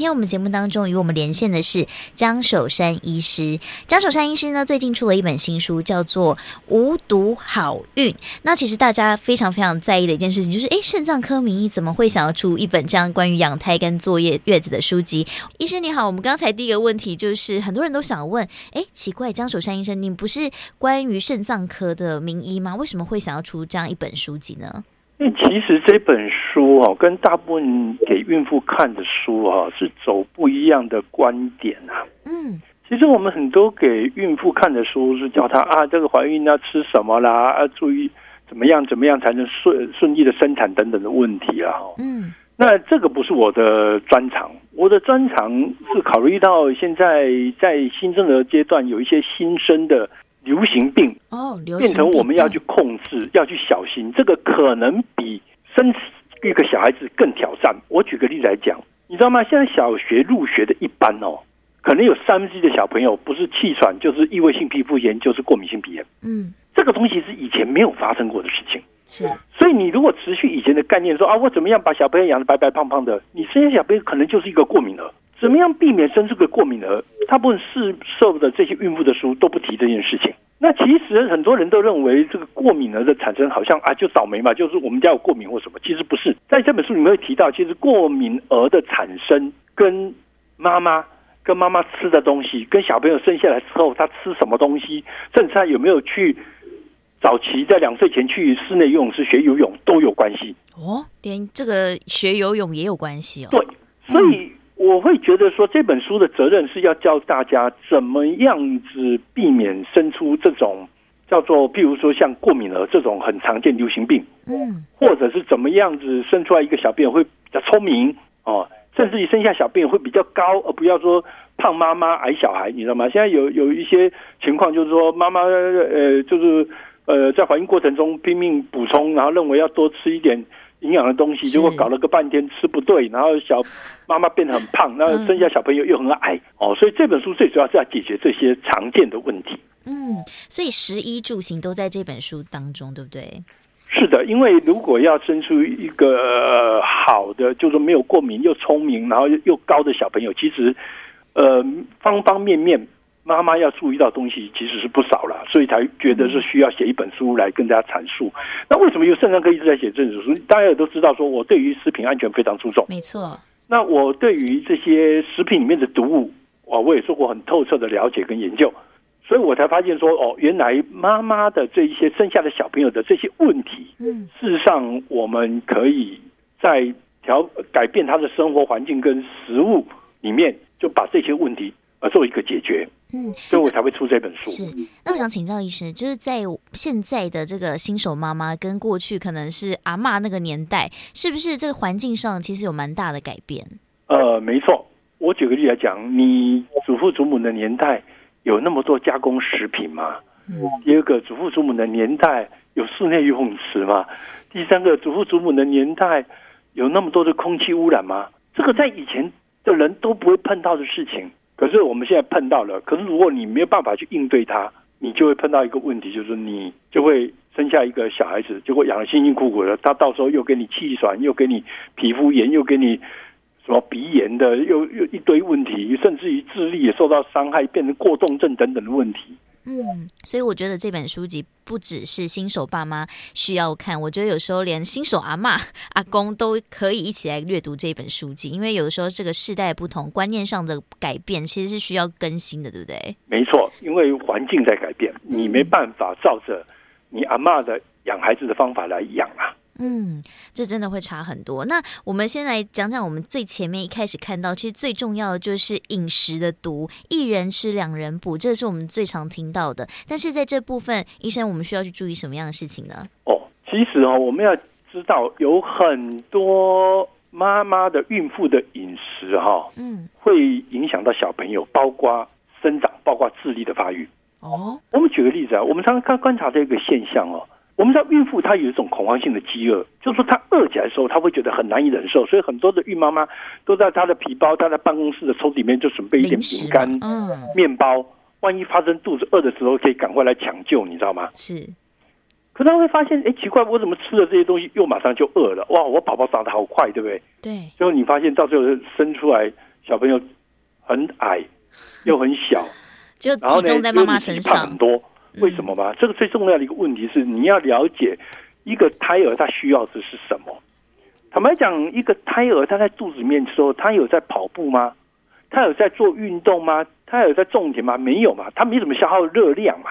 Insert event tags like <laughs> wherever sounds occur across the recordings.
今天我們節目當中與我們連線的是江守山醫師。江守山醫師呢，最近出了一本新書，叫做《無毒好孕》。那其實大家非常非常在意的一件事情，就是哎，腎臟科名醫怎麼會想要出一本這樣關於養胎跟坐月月子的書籍？醫師你好，我們剛才第一個問題就是，很多人都想問，哎，奇怪，江守山醫生，你不是關於腎臟科的名醫嗎？為什麼會想要出這樣一本書籍呢？因為其實這本書哦，跟大部分給孕婦看的書，哦、是走不一樣的觀點嗯、啊，其實我們很多給孕婦看的書是叫她啊，這個懷孕要吃什麼啦，要、啊、注意怎麼樣怎麼樣才能順順利的生產等等的問題啊。嗯，那這個不是我的專長，我的專長是考慮到現在在新生兒階段有一些新生的。流行病哦，流行病變成我們要去控制，要去小心。這個可能比生一個小孩子更挑戰。我舉個例子來講，你知道嗎？現在小學入學的一般哦，可能有三分之一的小朋友不是氣喘，就是異位性皮膚炎，就是過敏性鼻炎。嗯，這個東西是以前沒有發生過的事情。是，所以你如果持續以前的概念說，說啊，我怎麼樣把小朋友養得白白胖胖的，你生小朋友可能就是一個過敏兒。怎麼樣避免生這個過敏兒？大部分市售的這些孕婦的書都不提這件事情。那其實很多人都認為這個過敏兒的產生好像啊就倒霉嘛，就是我們家有過敏或什麼。其實不是，在這本書裡面會提到，其實過敏兒的產生跟媽媽跟媽媽吃的東西，跟小朋友生下來之後他吃什麼東西，甚至他有沒有去早期在兩歲前去室內游泳池學游泳都有關係。哦，連這個學游泳也有關係哦。對，所以。嗯我會覺得說，這本書的責任是要教大家怎麼樣子避免生出這種叫做譬如說像過敏兒這種很常見流行病，嗯，或者是怎麼樣子生出來一個小病會比較聰明哦、啊，甚至於生下小病會比較高，而不要說胖媽媽矮小孩，你知道嗎？現在有有一些情況就是說媽媽呃就是呃在懷孕過程中拼命補充，然後認為要多吃一點。營養的東西，如果搞了個半天吃不對，然後小媽媽變得很胖，然後生下小朋友又很矮，嗯、哦，所以這本書最主要是要解決這些常見的問題。嗯，所以食衣住行都在這本書當中，對不對？是的，因為如果要生出一個，呃、好的，就是沒有過敏又聰明，然後又高的小朋友，其實呃方方面面。媽媽要注意到東西其實是不少了，所以才覺得是需要寫一本書來跟大家闡述。那為什麼有腎臟科一直在寫這本書？大家也都知道說我對於食品安全非常注重。沒錯。那我對於這些食品裡面的毒物啊，我也做過很透徹的了解跟研究，所以我才發現說，哦，原來媽媽的這一些剩下的小朋友的這些問題，事實上我們可以在調改變他的生活環境跟食物裡面，就把這些問題，而做一個解決，嗯，所以我才會出這本書。是，那我想請教醫師，就是在現在的這個新手媽媽跟過去可能是阿媽那個年代，是不是這個環境上其實有蠻大的改變？呃，沒錯。我舉個例來講，你祖父祖母的年代有那麼多加工食品嗎？嗯、第二個，祖父祖母的年代有室內游泳池嗎？第三個，祖父祖母的年代有那麼多的空氣污染嗎？這個在以前的人都不會碰到的事情。可是我們現在碰到了，可是如果你沒有辦法去應對它，你就會碰到一個問題，就是你就會生下一個小孩子，就會養得辛辛苦苦的，他到時候又給你氣喘，又給你皮膚炎，又給你什麼鼻炎的，又又一堆問題，甚至於智力也受到傷害，變成過動症等等的問題。嗯，所以我覺得這本書籍不只是新手爸媽需要看，我覺得有時候連新手阿嬤、阿公都可以一起來閱讀這本書籍，因為有時候這個世代不同，觀念上的改變其實是需要更新的，對不對？沒錯，因為環境在改變，你沒辦法照着你阿嬤的養孩子的方法來養啊。嗯，這真的會差很多。那我們先來講講，我們最前面一開始看到，其實最重要的就是飲食的毒，一人吃兩人補，這是我們最常聽到的。但是在這部分，醫生我們需要去注意什麼樣的事情呢？哦，其實哦，我們要知道有很多媽媽的孕婦的飲食哈，哦，嗯，會影響到小朋友，包括生長，包括智力的發育。哦，我們舉個例子啊，我們常常看觀察這個現象哦。我們知道孕婦她有一種恐慌性的飢餓，就是說她餓起來的時候，她會覺得很難以忍受。所以很多的孕媽媽都在她的皮包、她在辦公室的抽屜裡面就準備一點餅乾、嗯、麵包，萬一發生肚子餓的時候，可以趕快來搶救，你知道嗎？是。可是她會發現，哎、欸，奇怪，我怎麼吃了這些東西又馬上就餓了？哇，我寶寶長得好快，對不對？對。最後你發現到最後生出來小朋友很矮又很小， <laughs> 就體重在媽媽身上很多。為什麼嘛？這個最重要的一個問題是，你要了解一個胎兒他需要的是什麼。坦白講，一個胎兒他在肚子裡面的時候，他有在跑步嗎？他有在做運動嗎？他有在種田嗎？沒有嘛，他沒怎麼消耗熱量嘛。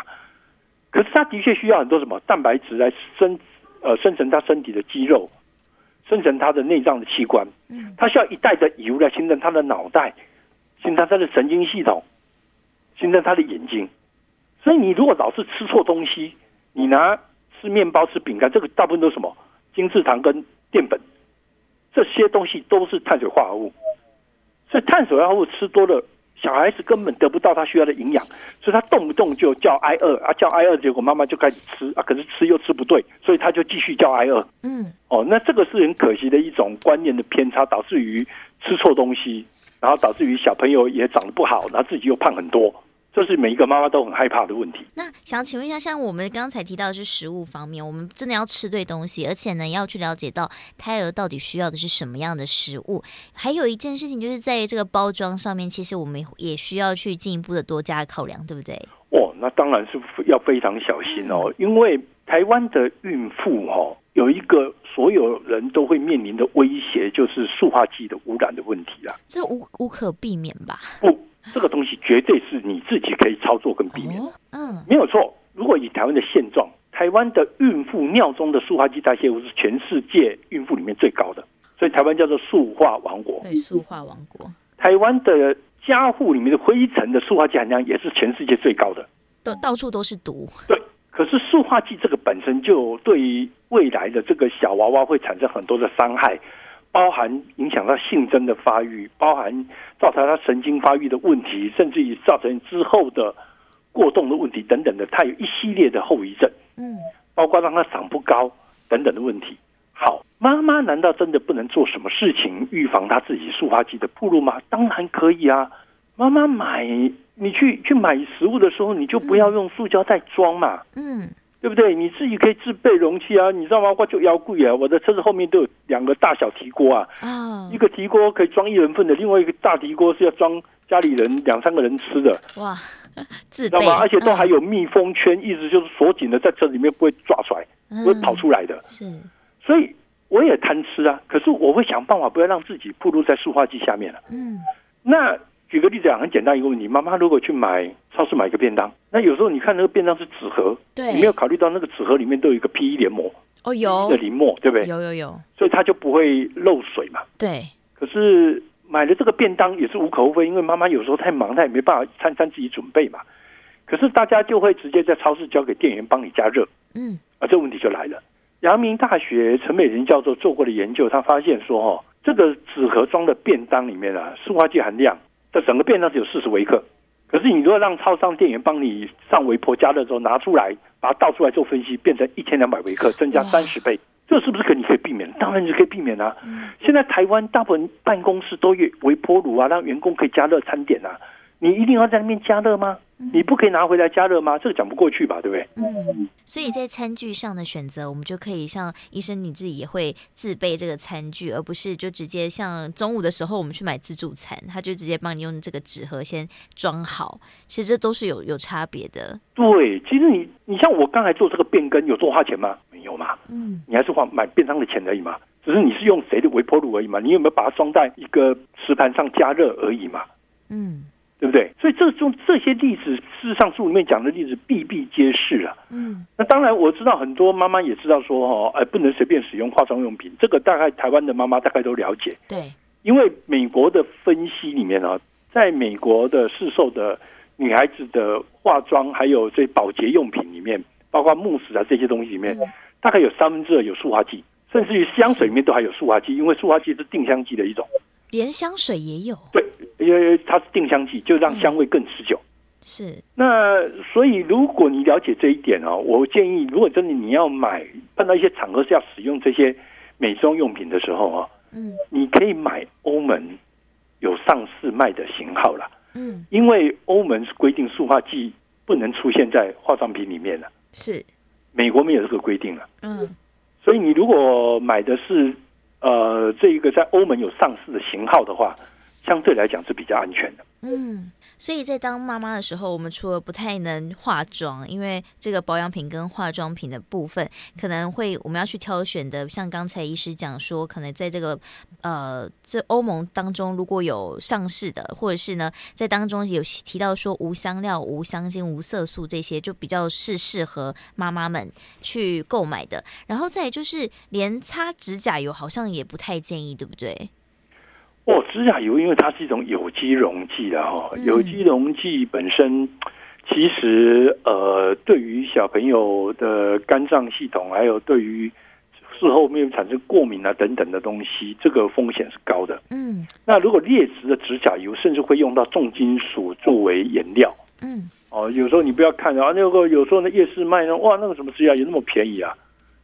可是他的確需要很多什麼蛋白質來生呃生成他身體的肌肉，生成他的內臟的器官。他、嗯、需要一袋的油來形成他的腦袋，形成他的神經系統，形成他的眼睛。所以你如果老是吃錯東西，你拿吃麵包、吃餅乾，這個大部分都是什麼？精製糖跟澱粉，這些東西都是碳水化合物。所以碳水化合物吃多了，小孩子根本得不到他需要的營養，所以他動不動就叫挨餓啊，叫挨餓，結果媽媽就開始吃啊，可是吃又吃不對，所以他就繼續叫挨餓。嗯，哦，那這個是很可惜的一種觀念的偏差，導致於吃錯東西，然後導致於小朋友也長得不好，然後自己又胖很多。這、就是每一個媽媽都很害怕的問題。那想請問一下，像我們剛才提到的是食物方面，我們真的要吃對東西，而且呢，要去了解到胎兒到底需要的是什麼樣的食物。還有一件事情就是在這個包裝上面，其實我們也需要去進一步的多加考量，對不對？哦，那當然是要非常小心哦，因為台灣的孕婦哈、哦、有一個。所有人都會面臨的威脅就是塑化劑的污染的問題啊，這無無可避免吧？不，這個東西絕對是你自己可以操作跟避免。哦、嗯，沒有錯。如果以台灣的現狀，台灣的孕婦尿中的塑化劑代謝物是全世界孕婦裡面最高的，所以台灣叫做塑化王國。對，塑化王國。台灣的家戶裡面的灰塵的塑化劑含量也是全世界最高的，都到處都是毒。對。可是塑化劑這個本身就對於未來的這個小娃娃會產生很多的傷害，包含影響到性徵的發育，包含造成他神經發育的問題，甚至於造成之後的過動的問題等等的，它有一系列的後遺症。嗯，包括讓他長不高等等的問題。好，媽媽難道真的不能做什麼事情預防他自己塑化劑的暴露嗎？當然可以啊，媽媽買。你去去買食物的時候，你就不要用塑膠袋裝嘛，嗯，對不對？你自己可以自備容器啊，你知道嗎？我就腰櫃啊，我的車子後面都有兩個大小提鍋啊，啊、哦，一個提鍋可以裝一人份的，另外一個大提鍋是要裝家裡人兩三個人吃的。哇，自備，知道嗎？而且都還有密封圈，嗯、一直就是鎖緊的，在車裡面不會抓出來，不會跑出來的。嗯、是，所以我也貪吃啊，可是我會想辦法，不要讓自己暴露在塑化劑下面了。嗯，那。舉個例子啊，很簡單一個問題，媽媽如果去買超市買一個便當，那有時候你看那個便當是紙盒。對，你沒有考慮到那個紙盒裡面都有一個 PE 淋膜哦，有那淋膜，對不對？哦、有有有，所以它就不會漏水嘛。對。可是買了這個便當也是無可厚非，因為媽媽有時候太忙，她也沒辦法餐餐，餐自己準備嘛。可是大家就會直接在超市交給店員幫你加熱，嗯，啊，這問題就來了。陽明大學陳美玲教授做過的研究，他發現說哦，這個紙盒裝的便當裡面啊，塑化劑含量，這整個變量是有四十微克，可是你如果讓超商店員幫你上微波加熱之後拿出來，把它倒出來做分析，變成一千兩百微克，增加三十倍，這是不是可以可以避免？當然你可以避免啊！嗯、現在台灣大部分辦公室都有微波爐啊，讓員工可以加熱餐點啊，你一定要在那邊加熱嗎？你不可以拿回來加熱嗎？這個講不過去吧，對不對？嗯，所以在餐具上的選擇，我們就可以像醫生你自己也會自備這個餐具，而不是就直接像中午的時候我們去買自助餐，他就直接幫你用這個紙盒先裝好。其實這都是有有差別的。對，其實你你像我剛才做這個變更，有多花錢嗎？沒有嘛，嗯，你還是花買便當的錢而已嘛，只是你是用誰的微波爐而已嘛，你有沒有把它裝在一個瓷盤上加熱而已嘛？嗯。對，所以這種這些例子，事實上書裡面講的例子，比比皆是啊。嗯，那當然我知道很多媽媽也知道說哦，哎、呃，不能隨便使用化妝用品。這個大概台灣的媽媽大概都了解。對，因為美國的分析裡面啊，在美國的市售的女孩子的化妝，還有這些保潔用品裡面，包括慕斯啊這些東西裡面，嗯，大概有三分之二有塑化劑，甚至於香水裡面都還有塑化劑，因為塑化劑是定香劑的一種，連香水也有。對。因為它是定香劑，就讓香味更持久。嗯、是那所以，如果你了解這一點哦，我建議，如果真的你要買，碰到一些場合是要使用這些美妝用品的時候啊、哦，嗯，你可以買歐盟有上市賣的型號啦。嗯，因為歐盟是規定塑化劑不能出現在化妝品裡面了。是美國沒有這個規定了。嗯，所以你如果買的是呃，這一個在歐盟有上市的型號的話。相對來講是比較安全的。嗯，所以在當媽媽的時候，我們除了不太能化妝，因為這個保養品跟化妝品的部分，可能會我們要去挑選的，像剛才醫師講說，可能在這個呃這歐盟當中如果有上市的，或者是呢在當中有提到說無香料、無香精、無色素這些，就比較是適合媽媽們去購買的。然後再就是，連擦指甲油好像也不太建議，對不對？哦，指甲油因為它是一種有機溶劑的哈、哦，有機溶劑本身其實呃，對於小朋友的肝臟系統，還有對於事後沒有產生過敏啊等等的東西，這個風險是高的。嗯，那如果劣質的指甲油，甚至會用到重金屬作為顏料。嗯，哦，有時候你不要看啊，那個有時候那夜市賣的，哇，那個什麼指甲油那麼便宜啊，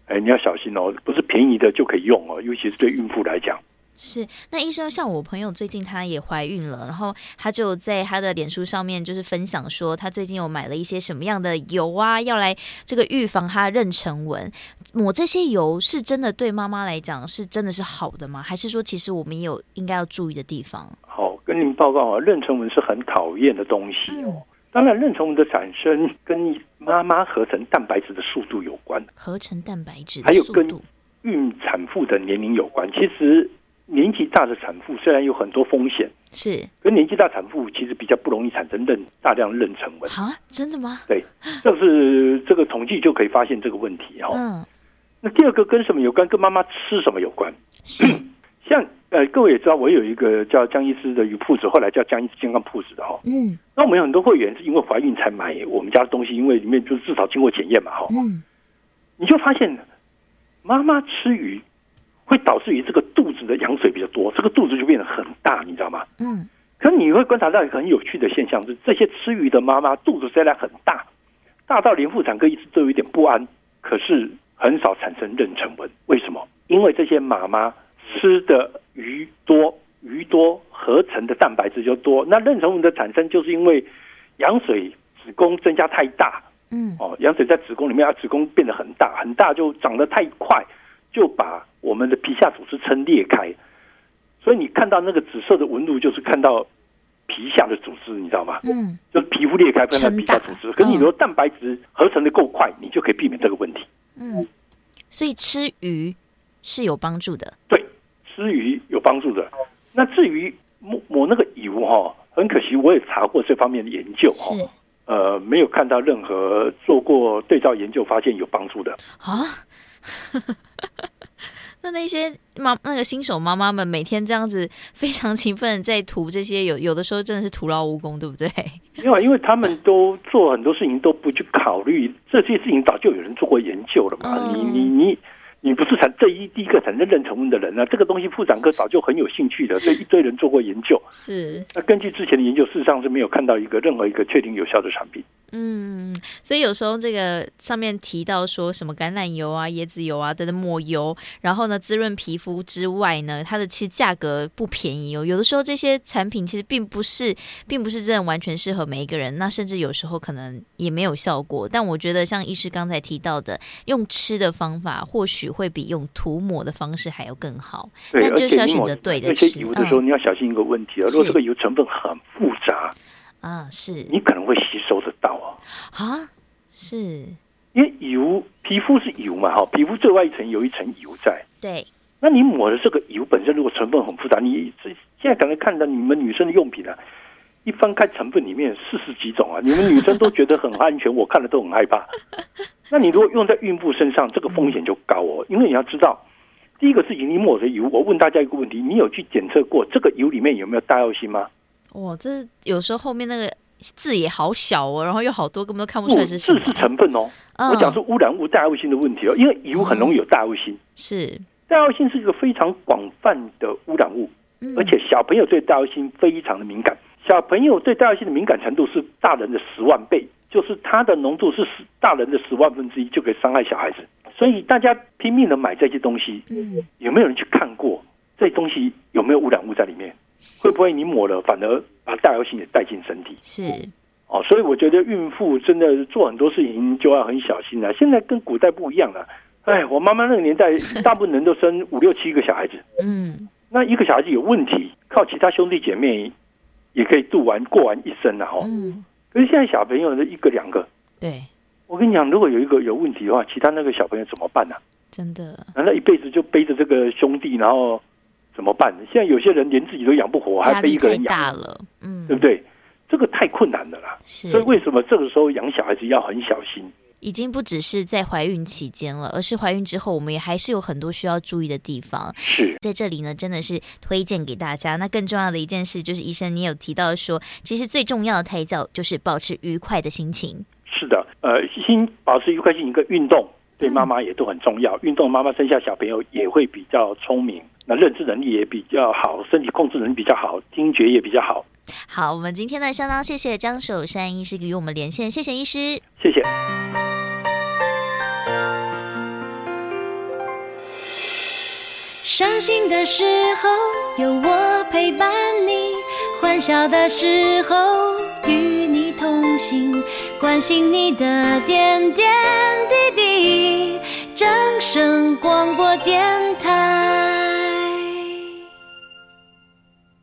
哎，你要小心哦，不是便宜的就可以用哦，尤其是對孕婦來講。是，那醫生像我朋友最近她也懷孕了，然後她就在她的臉書上面就是分享說，她最近有買了一些什麼樣的油啊，要來這個預防她妊娠紋。抹這些油是真的對媽媽來講是真的是好的嗎？還是說其實我們也有應該要注意的地方？好，跟你們報告啊，妊娠紋是很討厭的東西哦。嗯。當然，妊娠紋的產生跟媽媽合成蛋白質的速度有關，合成蛋白質的速度還有跟孕產婦的年齡有關。其實。年紀大的產婦雖然有很多風險，是，可是，年紀大產婦其實比較不容易產生妊大量妊娠紋。啊，真的嗎？對，就是這個統計就可以發現這個問題哦。嗯，那第二個跟什麼有關？跟媽媽吃什麼有關？是， <coughs> 像呃，各位也知道，我有一個叫江醫師的魚鋪子，後來叫江醫師健康鋪子的哦。嗯，那我們有很多會員是因為懷孕才買我們家的東西，因為裡面就是至少經過檢驗嘛，哈。嗯。你就發現媽媽吃魚。會導致於這個肚子的羊水比較多，這個肚子就變得很大，你知道嗎？嗯。可是你會觀察到一個很有趣的現象，就是這些吃魚的媽媽肚子雖然很大，大到連婦產科醫生都有一點不安，可是很少產生妊娠紋。為什麼？因為這些媽媽吃的魚多，魚多合成的蛋白質就多。那妊娠紋的產生就是因為羊水子宮增加太大，嗯，哦，羊水在子宮裡面，啊，子宮變得很大，很大就長得太快，就把。我們的皮下組織撐裂開，所以你看到那個紫色的紋路，就是看到皮下的組織，你知道嗎？嗯，就是皮膚裂開，變成皮下組織。可是你如果蛋白質合成得夠快，嗯，你就可以避免這個問題。嗯，所以吃魚是有幫助的。對，吃魚有幫助的。那至於抹抹那個油哈，很可惜，我也查過這方面的研究哈，呃，沒有看到任何做過對照研究，發現有幫助的啊。哦 <laughs> 那那些媽那個新手媽媽們每天這樣子非常勤奮在塗這些有有的時候真的是徒勞無功，對不對？另外，因為他們都做很多事情都不去考慮這些事情，早就有人做過研究了嘛。嗯，你你你你不是才這一第一個才認認真問的人啊？這個東西婦產科早就很有興趣的，所以一堆人做過研究。是那，根據之前的研究，事實上是沒有看到一個任何一個確定有效的產品。嗯，所以有時候這個上面提到說什麼橄欖油啊、椰子油啊等等抹油，然後呢滋潤皮膚之外呢，它的其實價格不便宜哦。有的時候這些產品其實並不是，並不是真的完全適合每一個人，那甚至有時候可能也沒有效果。但我覺得像醫師剛才提到的，用吃的方法或許會比用塗抹的方式還要更好。但就是要選擇對的。而且有的時候你要小心一個問題啊，嗯、如果這個油成分很複雜。啊，是你可能會吸收得到哦。啊，是因為油皮膚是油嘛？哈，皮膚最外一層有一層油在。對，那你抹的這個油本身如果成分很複雜，你現現在可能看到你們女生的用品啊，一翻開成分裡面四十幾種啊，你們女生都覺得很安全，我看了都很害怕。那你如果用在孕婦身上，這個風險就高哦，因為你要知道，第一個事情你抹的油，我問大家一個問題，你有去檢測過這個油裡面有沒有大藥性嗎？哇，這有時候後面那個字也好小哦，然後又好多根本都看不出來是字是，哦、成分哦。嗯、我講說污染物戴奧辛的問題哦，因為油很容易有戴奧辛。嗯、是戴奧辛是一個非常廣泛的污染物，嗯、而且小朋友對戴奧辛非常的敏感。小朋友對戴奧辛的敏感程度是大人的十萬倍，就是它的濃度是大人的十萬分之一就可以傷害小孩子。所以大家拼命的買這些東西，嗯、有沒有人去看過？會不會你抹了，反而把大油性也帶進身體？是哦，所以我覺得孕婦真的做很多事情就要很小心啊。現在跟古代不一樣了、啊。哎，我媽媽那個年代，大部分人都生五六七個小孩子。 <laughs> 嗯，那一個小孩子有問題，靠其他兄弟姐妹也可以度完過完一生的、啊、哈、哦。嗯，可是現在小朋友的一個兩個，對，我跟你講，如果有一個有問題的話，其他那個小朋友怎麼辦呢、啊？真的，難道一輩子就背着這個兄弟，然後？怎麼辦？現在有些人連自己都養不活，還被一個人養大了，嗯，對不對？這個太困難的啦。是，所以為什麼這個時候養小孩子要很小心？已經不只是在懷孕期間了，而是懷孕之後，我們也還是有很多需要注意的地方。是在這裡呢，真的是推薦給大家。那更重要的一件事就是，醫生，你有提到說，其實最重要的胎教就是保持愉快的心情。是的，呃，心保持愉快心情，一個運動對媽媽也都很重要。嗯，運動媽媽生下小朋友也會比較聰明。那認知能力也比較好，身體控制能力比較好，聽覺也比較好。好，我們今天呢，相當謝謝江守山醫師與我們連線，謝謝醫師，謝謝。傷心的時候有我陪伴你，歡笑的時候與你同行，關心你的點點滴滴。正聲廣播電台。